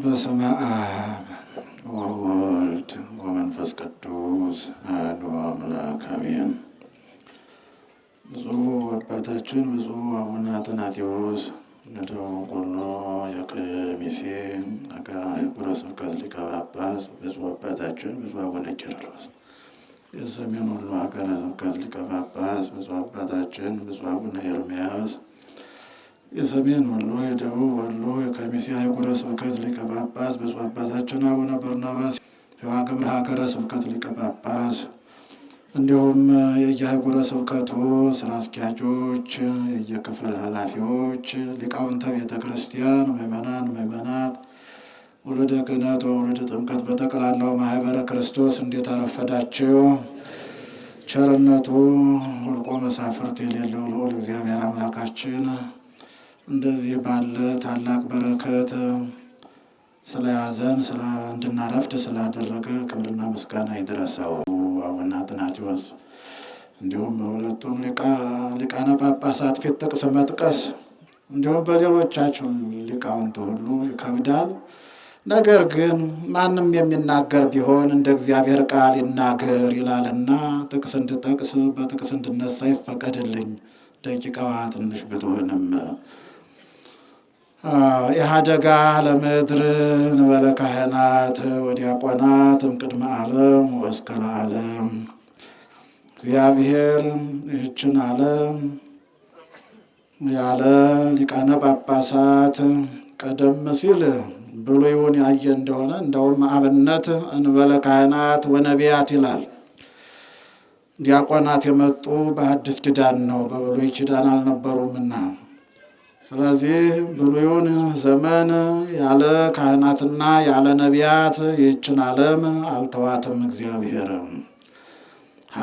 በስመ አብ ወወልድ ወመንፈስ ቅዱስ አሐዱ አምላክ አሜን። ብፁዕ አባታችን ብፁዕ አቡነ አትናቴዎስ ደቡብ ወሎ የቀሚሴ ሀገረ ስብከት ሊቀ ጳጳስ፣ ብፁዕ አባታችን ብፁዕ አቡነ ቄርሎስ የሰሜን ወሎ ሀገረ ስብከት ሊቀ ጳጳስ፣ ብፁዕ አባታችን ብፁዕ አቡነ ኤርምያስ የሰሜን ወሎ የደቡብ ወሎ የከሚሴ ሀገረ ስብከት ሊቀ ጳጳስ ብፁዕ አባታችን አቡነ በርናባስ የዋግምር ሀገረ ስብከት ሊቀ ጳጳስ እንዲሁም የየሀገረ ስብከቱ ስራ አስኪያጆች፣ የየክፍል ኃላፊዎች፣ ሊቃውንተ ቤተ ክርስቲያን፣ ምዕመናን፣ ምዕመናት፣ ውሉደ ክህነት ወውሉደ ጥምቀት በጠቅላላው ማህበረ ክርስቶስ እንዴት አረፈዳችሁ? ቸርነቱ ሁልቆ መሳፍርት የሌለው ልዑል እግዚአብሔር አምላካችን እንደዚህ ባለ ታላቅ በረከት ስለያዘን እንድናረፍድ ስላደረገ ክብርና ምስጋና ይድረሰው አቡነ አትናቴዎስ። እንዲሁም በሁለቱም ሊቃነ ጳጳሳት ፊት ጥቅስ መጥቀስ እንዲሁም በሌሎቻቸው ሊቃውንት ሁሉ ይከብዳል። ነገር ግን ማንም የሚናገር ቢሆን እንደ እግዚአብሔር ቃል ይናገር ይላልና ጥቅስ እንድጠቅስ በጥቅስ እንድነሳ ይፈቀድልኝ። ደቂቃዋ ትንሽ ብትሆንም የሀደጋ ለምድር ንበለ ካህናት ወዲያቆናትም ቅድመ ዓለም ወእስከለ አለም እግዚአብሔር ይህችን ዓለም ያለ ሊቃነ ጳጳሳት ቀደም ሲል ብሉይውን ያየ እንደሆነ እንደውም አብነት እንበለ ካህናት ወነቢያት ይላል። ዲያቆናት የመጡ በአዲስ ኪዳን ነው፣ በብሉይ ኪዳን አልነበሩምና ስለዚህ ብሉዩን ዘመን ያለ ካህናትና ያለ ነቢያት ይህችን ዓለም አልተዋትም እግዚአብሔር።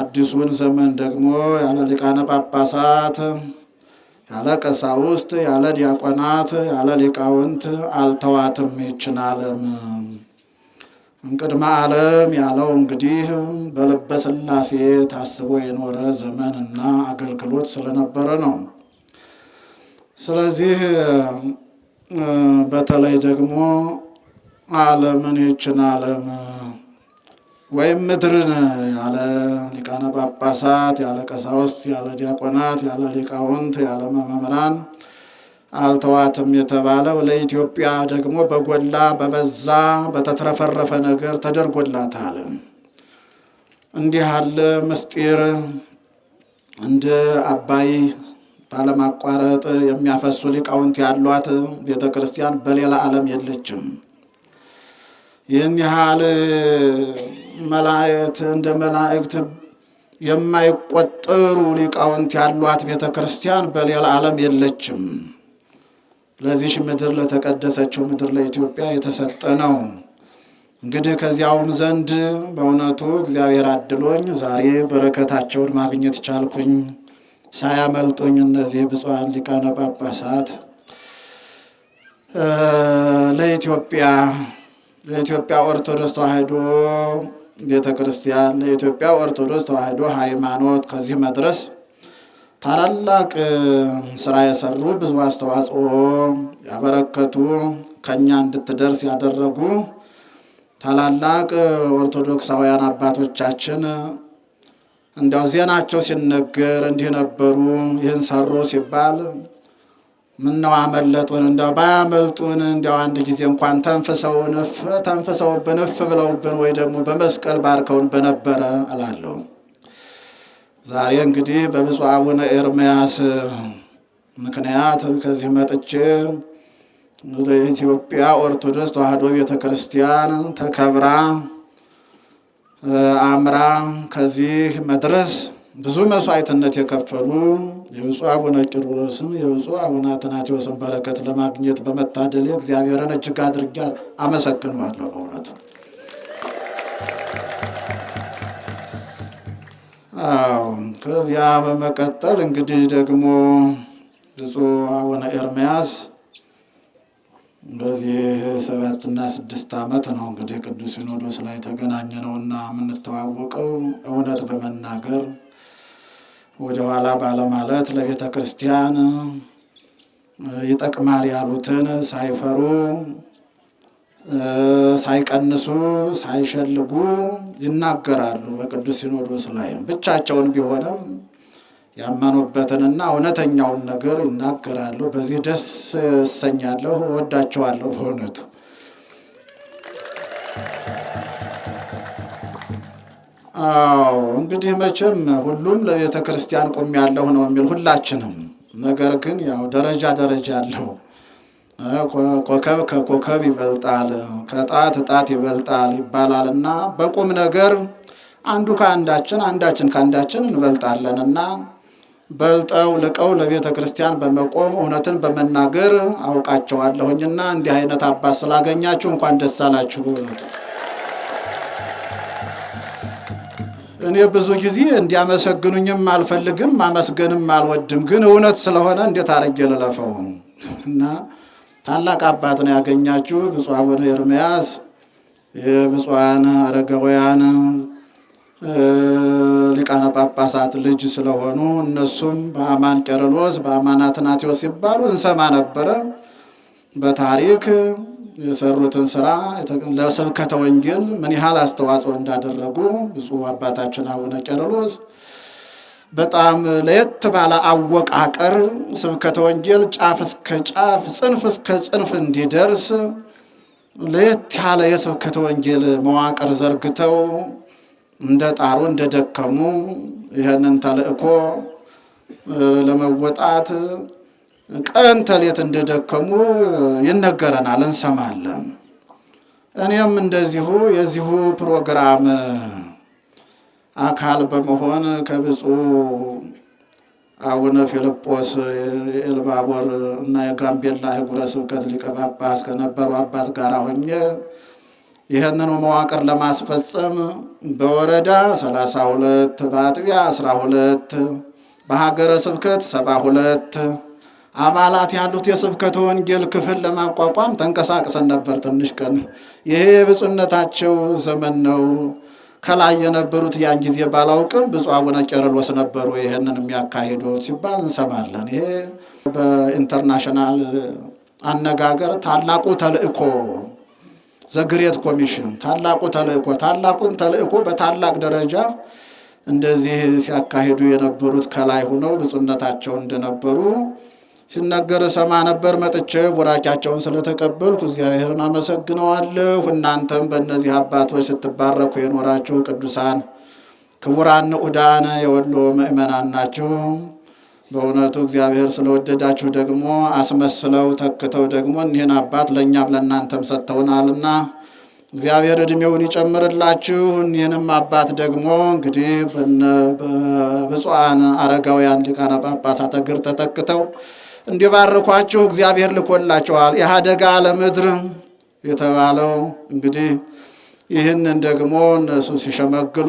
አዲሱን ዘመን ደግሞ ያለ ሊቃነ ጳጳሳት፣ ያለ ቀሳውስት፣ ያለ ዲያቆናት፣ ያለ ሊቃውንት አልተዋትም ይችን ዓለም። እንቅድመ ዓለም ያለው እንግዲህ በልበ ሥላሴ ታስቦ የኖረ ዘመንና አገልግሎት ስለነበረ ነው። ስለዚህ በተለይ ደግሞ ዓለምን ይችን ዓለም ወይም ምድርን ያለ ሊቃነ ጳጳሳት ያለ ቀሳውስት ያለ ዲያቆናት ያለ ሊቃውንት ያለ መምህራን አልተዋትም የተባለው ለኢትዮጵያ ደግሞ በጎላ በበዛ በተትረፈረፈ ነገር ተደርጎላታል። እንዲህ አለ ምስጢር እንደ አባይ ባለማቋረጥ የሚያፈሱ ሊቃውንት ያሏት ቤተ ክርስቲያን በሌላ ዓለም የለችም። ይህን ያህል መላእክት እንደ መላእክት የማይቆጠሩ ሊቃውንት ያሏት ቤተ ክርስቲያን በሌላ ዓለም የለችም። ለዚሽ ምድር ለተቀደሰችው ምድር ለኢትዮጵያ የተሰጠ ነው። እንግዲህ ከዚያውም ዘንድ በእውነቱ እግዚአብሔር አድሎኝ ዛሬ በረከታቸውን ማግኘት ቻልኩኝ። ሳያመልጡኝ እነዚህ ብፁዓን ሊቃነ ጳጳሳት ለኢትዮጵያ ለኢትዮጵያ ኦርቶዶክስ ተዋሕዶ ቤተ ክርስቲያን ለኢትዮጵያ ኦርቶዶክስ ተዋሕዶ ሃይማኖት ከዚህ መድረስ ታላላቅ ስራ የሰሩ ብዙ አስተዋጽኦ ያበረከቱ ከእኛ እንድትደርስ ያደረጉ ታላላቅ ኦርቶዶክሳውያን አባቶቻችን እንዲያው ዜናቸው ሲነገር እንዲህ ነበሩ፣ ይህን ሰሩ ሲባል ምነው አመለጡን፣ እንደ ባያመልጡን፣ እንዲያው አንድ ጊዜ እንኳን ተንፍሰውን ተንፍሰውብን እፍ ብለውብን ወይ ደግሞ በመስቀል ባርከውን በነበረ እላለሁ። ዛሬ እንግዲህ በብፁዕ አቡነ ኤርምያስ ምክንያት ከዚህ መጥቼ ኢትዮጵያ ኦርቶዶክስ ተዋሕዶ ቤተ ክርስቲያን ተከብራ አምራ ከዚህ መድረስ ብዙ መስዋዕትነት የከፈሉ የብፁዕ አቡነ ቂርሎስን የብፁዕ አቡነ አትናቴዎስን በረከት ለማግኘት በመታደል እግዚአብሔርን እጅግ አድርጌ አመሰግነዋለሁ። በእውነት አዎ። ከዚያ በመቀጠል እንግዲህ ደግሞ ብፁዕ አቡነ ኤርምያስ በዚህ ሰባትና ስድስት ዓመት ነው እንግዲህ ቅዱስ ሲኖዶስ ላይ የተገናኘ እና የምንተዋወቀው እውነት በመናገር ወደኋላ ባለማለት ለቤተ ክርስቲያን ይጠቅማል ያሉትን ሳይፈሩ ሳይቀንሱ ሳይሸልጉ ይናገራሉ። በቅዱስ ሲኖዶስ ላይ ብቻቸውን ቢሆንም ያመኑበትንና እውነተኛውን ነገር ይናገራሉ። በዚህ ደስ እሰኛለሁ፣ እወዳቸዋለሁ። በእውነቱ አዎ፣ እንግዲህ መቼም ሁሉም ለቤተ ክርስቲያን ቁም ያለሁ ነው የሚል ሁላችንም። ነገር ግን ያው ደረጃ ደረጃ አለው። ኮከብ ከኮከብ ይበልጣል፣ ከጣት ጣት ይበልጣል ይባላል እና በቁም ነገር አንዱ ከአንዳችን አንዳችን ከአንዳችን እና በልጠው ልቀው ለቤተ ክርስቲያን በመቆም እውነትን በመናገር አውቃቸዋለሁኝና እንዲህ አይነት አባት ስላገኛችሁ እንኳን ደስ አላችሁ። በእውነቱ እኔ ብዙ ጊዜ እንዲያመሰግኑኝም አልፈልግም፣ አመስገንም አልወድም። ግን እውነት ስለሆነ እንዴት አርጌ ልለፈው እና ታላቅ አባት ነው ያገኛችሁ ብፁዕ አቡነ ኤርምያስ የብፁዓን አረጋውያን ሊቃነ ጳጳሳት ልጅ ስለሆኑ እነሱም በአማን ቄርሎስ በአማን አትናቴዎስ ሲባሉ እንሰማ ነበረ። በታሪክ የሰሩትን ስራ ለስብከተ ወንጌል ምን ያህል አስተዋጽኦ እንዳደረጉ ብፁዕ አባታችን አቡነ ቄርሎስ በጣም ለየት ባለ አወቃቀር ስብከተ ወንጌል ጫፍ እስከ ጫፍ፣ ጽንፍ እስከ ጽንፍ እንዲደርስ ለየት ያለ የስብከተ ወንጌል መዋቅር ዘርግተው እንደ ጣሩ እንደ ደከሙ ይህንን ተልእኮ ለመወጣት ቀን ተሌት እንደደከሙ ይነገረናል፣ እንሰማለን። እኔም እንደዚሁ የዚሁ ፕሮግራም አካል በመሆን ከብፁዕ አቡነ ፊልጶስ የኤልባቦር እና የጋምቤላ ሀገረ ስብከት ሊቀ ጳጳስ ከነበሩ አባት ጋር ሆኜ ይህንኑ መዋቅር ለማስፈጸም በወረዳ 32 በአጥቢያ 12 በሀገረ ስብከት 72 አባላት ያሉት የስብከተ ወንጌል ክፍል ለማቋቋም ተንቀሳቅሰን ነበር። ትንሽ ቀን ይሄ የብፁዕነታቸው ዘመን ነው። ከላይ የነበሩት ያን ጊዜ ባላውቅም ብፁዕ አቡነ ቄርሎስ ነበሩ ይህንን የሚያካሂዱ ሲባል እንሰማለን። ይሄ በኢንተርናሽናል አነጋገር ታላቁ ተልእኮ ዘግሬት ኮሚሽን ታላቁ ተልእኮ ታላቁን ተልእኮ በታላቅ ደረጃ እንደዚህ ሲያካሂዱ የነበሩት ከላይ ሆነው ብፁዕነታቸው እንደነበሩ ሲነገር ሰማ ነበር። መጥቼ ቡራኪያቸውን ስለተቀበልኩ እግዚአብሔርን አመሰግነዋለሁ። እናንተም በእነዚህ አባቶች ስትባረኩ የኖራችሁ ቅዱሳን ክቡራን ንዑዳን የወሎ ምእመናን ናችሁ። በእውነቱ እግዚአብሔር ስለወደዳችሁ ደግሞ አስመስለው ተክተው ደግሞ እኒህን አባት ለእኛም ለእናንተም ሰጥተውናልና እግዚአብሔር እድሜውን ይጨምርላችሁ። እኒህንም አባት ደግሞ እንግዲህ በብፁዓን አረጋውያን ሊቃነ ጳጳሳት እግር ተተክተው እንዲባርኳችሁ እግዚአብሔር ልኮላችኋል። አደጋ ለምድር የተባለው እንግዲህ ይህንን ደግሞ እነሱ ሲሸመግሉ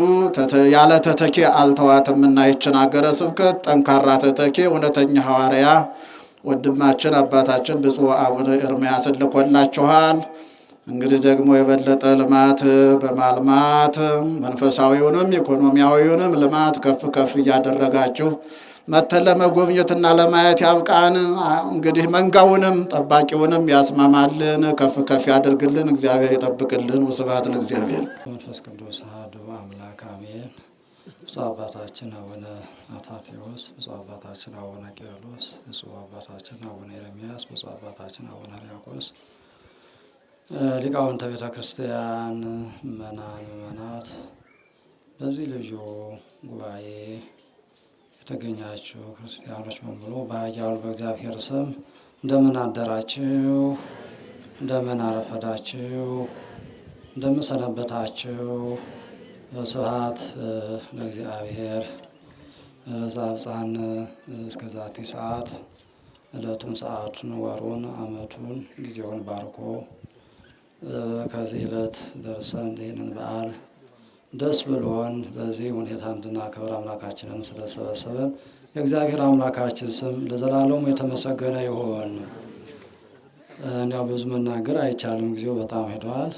ያለ ተተኬ አልተዋት ይችን አገረ ስብከት ጠንካራ ተተኬ እውነተኛ ሐዋርያ ወንድማችን አባታችን ብፁዕ አቡነ ኤርምያስን ልኮላችኋል። እንግዲህ ደግሞ የበለጠ ልማት በማልማት መንፈሳዊውንም ኢኮኖሚያዊውንም ልማት ከፍ ከፍ እያደረጋችሁ መተን ለመጎብኘትና ለማየት ያብቃን። እንግዲህ መንጋውንም ጠባቂውንም ያስማማልን፣ ከፍ ከፍ ያደርግልን፣ እግዚአብሔር ይጠብቅልን። ወስብሐት ለእግዚአብሔር። መንፈስ ቅዱስ አሐዱ አምላክ አሜን። ብፁዕ አባታችን አቡነ አታቴዎስ፣ ብፁዕ አባታችን አቡነ ቄርሎስ፣ ብፁዕ አባታችን አቡነ ኤርምያስ፣ ብፁዕ አባታችን አቡነ ሕርያቆስ ሊቃውንተ ቤተ ክርስቲያን፣ ምእመናን፣ ምእመናት በዚህ ልዩ ጉባኤ የተገኛችሁ ክርስቲያኖች በሙሉ በኃያሉ በእግዚአብሔር ስም እንደምን አደራችሁ? እንደምን አረፈዳችሁ? እንደምን ሰነበታችሁ? ስብሐት ለእግዚአብሔር ረዛብፃን እስከዛቲ ሰዓት ዕለቱን ሰዓቱን ወሩን ዓመቱን ጊዜውን ባርኮ ከዚህ ዕለት ደርሰን ይህንን በዓል ደስ ብሎን በዚህ ሁኔታ እንድናከብር አምላካችንን ስለሰበሰበን የእግዚአብሔር አምላካችን ስም ለዘላለሙ የተመሰገነ ይሆን እንዲያው ብዙ መናገር አይቻልም፣ ጊዜው በጣም ሄደዋል።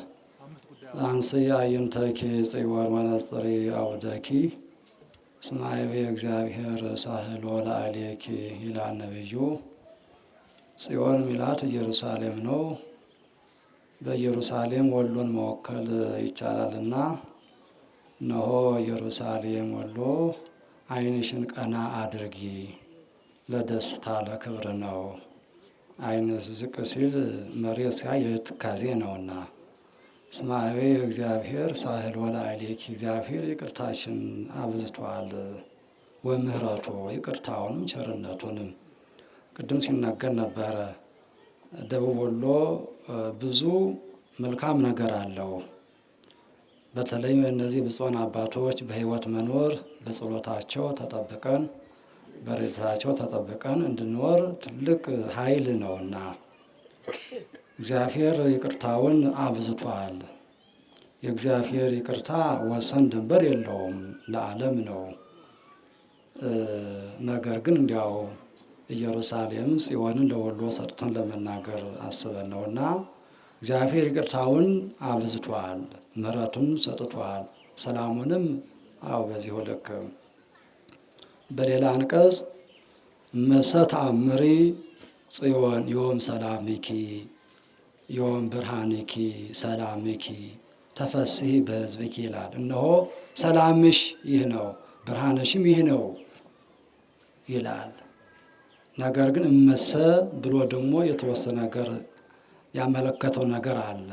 አንስ አየንተኪ ጽወር መነጽሪ አውደኪ ስማይቤ እግዚአብሔር ሳህሎ ለአሌኪ ይላል ነብዩ። ጽዮን ሚላት ኢየሩሳሌም ነው። በኢየሩሳሌም ወሎን መወከል ይቻላልና እነሆ ኢየሩሳሌም ወሎ ዓይንሽን ቀና አድርጊ፣ ለደስታ ለክብር ነው። ዓይን ዝቅ ሲል መሬት ሲያይ የትካዜ ነውና ስማዊ እግዚአብሔር ሳህል ወላ እግዚአብሔር ይቅርታችን አብዝቷል ወምህረቱ ይቅርታውንም ቸርነቱንም ቅድም ሲናገር ነበረ። ደቡብ ወሎ ብዙ መልካም ነገር አለው። በተለይ እነዚህ ብፁዓን አባቶች በህይወት መኖር በጸሎታቸው ተጠብቀን በረድኤታቸው ተጠብቀን እንድንኖር ትልቅ ኃይል ነውና እግዚአብሔር ይቅርታውን አብዝቷል። የእግዚአብሔር ይቅርታ ወሰን ድንበር የለውም፣ ለዓለም ነው። ነገር ግን እንዲያው ኢየሩሳሌም ጽዮንን ለወሎ ሰጥተን ለመናገር አስበን ነውና እግዚአብሔር ይቅርታውን አብዝቷል፣ ምሕረቱን ሰጥቷል፣ ሰላሙንም አው በዚህ ልክ በሌላ አንቀጽ ምሰት አምሪ ጽዮን ዮም ሰላሚኪ ዮም ብርሃኒኪ ሰላሚኪ ተፈስሒ በሕዝብኪ ይላል። እነሆ ሰላምሽ ይህ ነው ብርሃንሽም ይህ ነው ይላል። ነገር ግን እመሰ ብሎ ደግሞ የተወሰነ ነገር ያመለከተው ነገር አለ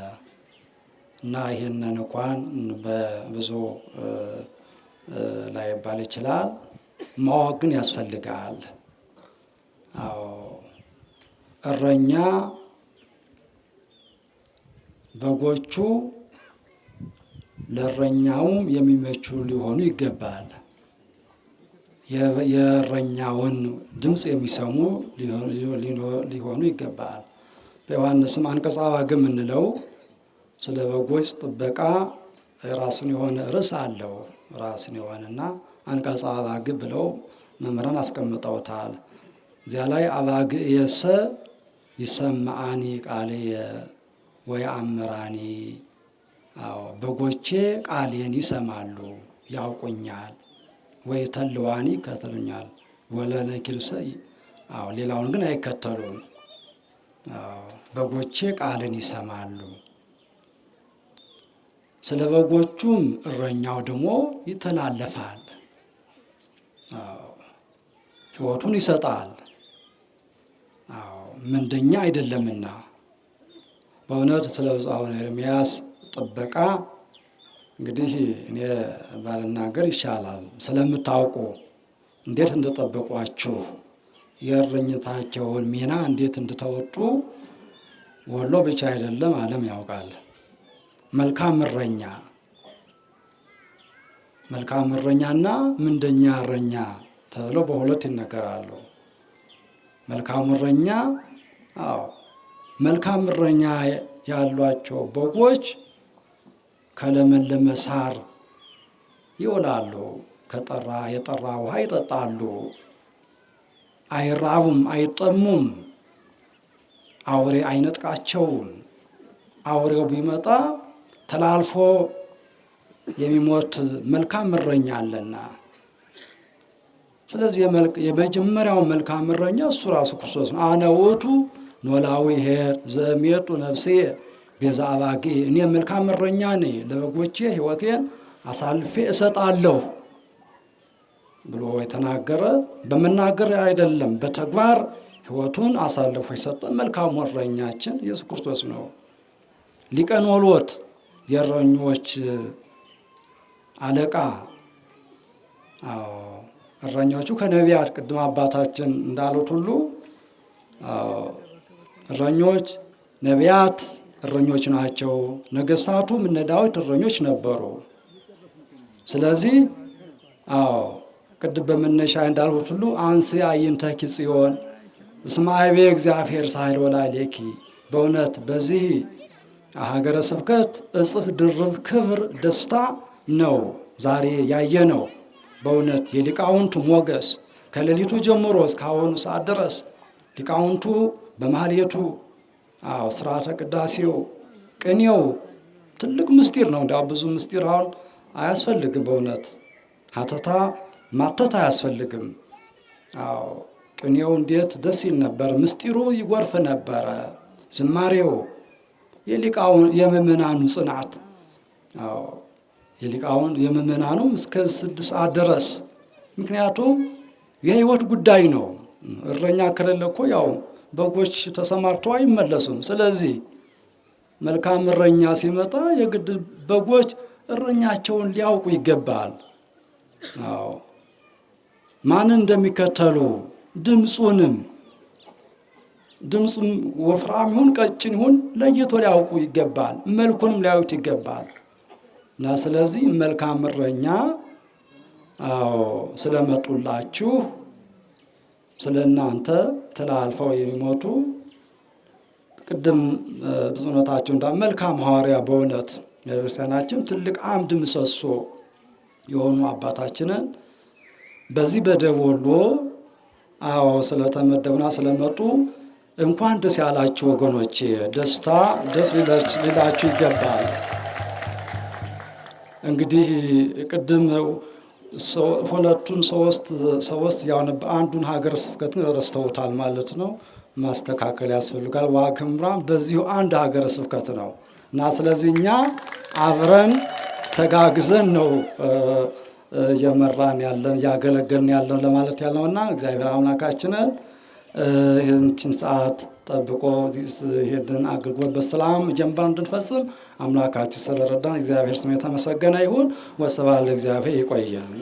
እና ይህንን እንኳን በብዙ ላይ ይባል ይችላል፣ ማወቅ ግን ያስፈልጋል። አዎ እረኛ በጎቹ ለእረኛውም የሚመቹ ሊሆኑ ይገባል። የእረኛውን ድምፅ የሚሰሙ ሊሆኑ ይገባል። በዮሐንስም አንቀጸ አዋግ የምንለው ስለ በጎች ጥበቃ ራሱን የሆነ ርዕስ አለው። ራሱን የሆነና አንቀጸ አባግ ብለው መምህራን አስቀምጠውታል። እዚያ ላይ አባግ የሰ ይሰማአኒ ቃልየ ወይ አምራኒ፣ በጎቼ ቃሌን ይሰማሉ ያውቁኛል። ወይ ተልዋኒ ይከተሉኛል። ወለነኪልሰ ሌላውን ግን አይከተሉም። በጎቼ ቃልን ይሰማሉ። ስለ በጎቹም እረኛው ደግሞ ይተላለፋል፣ ሕይወቱን ይሰጣል። ምንደኛ አይደለምና በእውነት ስለ ብፁዕ ኤርምያስ ጥበቃ እንግዲህ እኔ ባልናገር ይሻላል። ስለምታውቁ እንዴት እንደጠበቋችሁ የእረኝታቸውን ሚና እንዴት እንደተወጡ ወሎ ብቻ አይደለም ዓለም ያውቃል። መልካም እረኛ መልካም እረኛና ምንደኛ እረኛ ተብለው በሁለት ይነገራሉ። መልካም እረኛ አዎ መልካም እረኛ ያሏቸው በጎች ከለመለመ ሳር ይውላሉ፣ ከጠራ የጠራ ውሃ ይጠጣሉ። አይራቡም፣ አይጠሙም፣ አውሬ አይነጥቃቸውም። አውሬው ቢመጣ ተላልፎ የሚሞት መልካም እረኛ አለና ስለዚህ የመጀመሪያው መልካም እረኛ እሱ ራሱ ክርስቶስ ነው። አነ ውእቱ ኖላዊ ኄር ዘሜጡ ነፍሴ ቤዛ አባጌ፣ እኔ መልካም እረኛ ነኝ፣ ለበጎቼ ሕይወቴን አሳልፌ እሰጣለሁ። ብሎ የተናገረ በመናገር አይደለም በተግባር ህይወቱን አሳልፎ የሰጠ መልካሙ እረኛችን ኢየሱስ ክርስቶስ ነው። ሊቀ ኖሎት የእረኞች አለቃ እረኞቹ ከነቢያት ቅድም አባታችን እንዳሉት ሁሉ እረኞች ነቢያት እረኞች ናቸው። ነገስታቱም እነ ዳዊት እረኞች ነበሩ። ስለዚህ አዎ ቅድም በመነሻ እንዳልሁት ሁሉ አንስ አይንተኪ ጽዮን እስመ አይቤ እግዚአብሔር ሳይል ወላይሌኪ። በእውነት በዚህ ሀገረ ስብከት እጽፍ ድርብ ክብር ደስታ ነው ዛሬ ያየ ነው። በእውነት የሊቃውንቱ ሞገስ ከሌሊቱ ጀምሮ እስካሁኑ ሰዓት ድረስ ሊቃውንቱ በማህሌቱ አዎ ስርዓተ ቅዳሴው ቅኔው ትልቅ ምስጢር ነው። እንዲያው ብዙ ምስጢር አሁን አያስፈልግም። በእውነት ሀተታ ማተት አያስፈልግም። አዎ ቅኔው እንዴት ደስ ይል ነበር! ምስጢሩ ይጎርፍ ነበረ። ዝማሬው የሊቃውን የምእመናኑ ጽናት አዎ የሊቃውን የምእመናኑ እስከ ስድስት ሰዓት ድረስ ምክንያቱም የህይወት ጉዳይ ነው። እረኛ ከሌለ እኮ ያው በጎች ተሰማርተው አይመለሱም። ስለዚህ መልካም እረኛ ሲመጣ የግድ በጎች እረኛቸውን ሊያውቁ ይገባል። አዎ ማንን እንደሚከተሉ ድምፁንም ድምፁም ወፍራም ይሁን ቀጭን ይሁን ለይቶ ሊያውቁ ይገባል። መልኩንም ሊያዩት ይገባል። እና ስለዚህ መልካም እረኛ ስለመጡላችሁ ስለ እናንተ ተላልፈው የሚሞቱ ቅድም ብፁዕነታቸው እንዳ መልካም ሐዋርያ በእውነት ቤተክርስቲያናችን ትልቅ አምድ ምሰሶ የሆኑ አባታችንን በዚህ በደቡብ ወሎ አዎ ስለተመደቡና ስለመጡ እንኳን ደስ ያላችሁ ወገኖቼ፣ ደስታ ደስ ሊላችሁ ይገባል። እንግዲህ ቅድም ሁለቱን ሶስት ሶስት ያውን አንዱን ሀገር ስብከትን ረስተውታል ማለት ነው። ማስተካከል ያስፈልጋል። ዋግኽምራም በዚሁ አንድ ሀገር ስብከት ነው እና ስለዚህ እኛ አብረን ተጋግዘን ነው እየመራን ያለን እያገለገልን ያለን ለማለት ያለው እና እግዚአብሔር አምላካችንን ይህንችን ሰዓት ጠብቆ ይህንን አገልግሎት በሰላም ጀንበን እንድንፈጽም አምላካችን ስለረዳን እግዚአብሔር ስም የተመሰገነ ይሁን። ወስብሐት ለእግዚአብሔር። ይቆያል።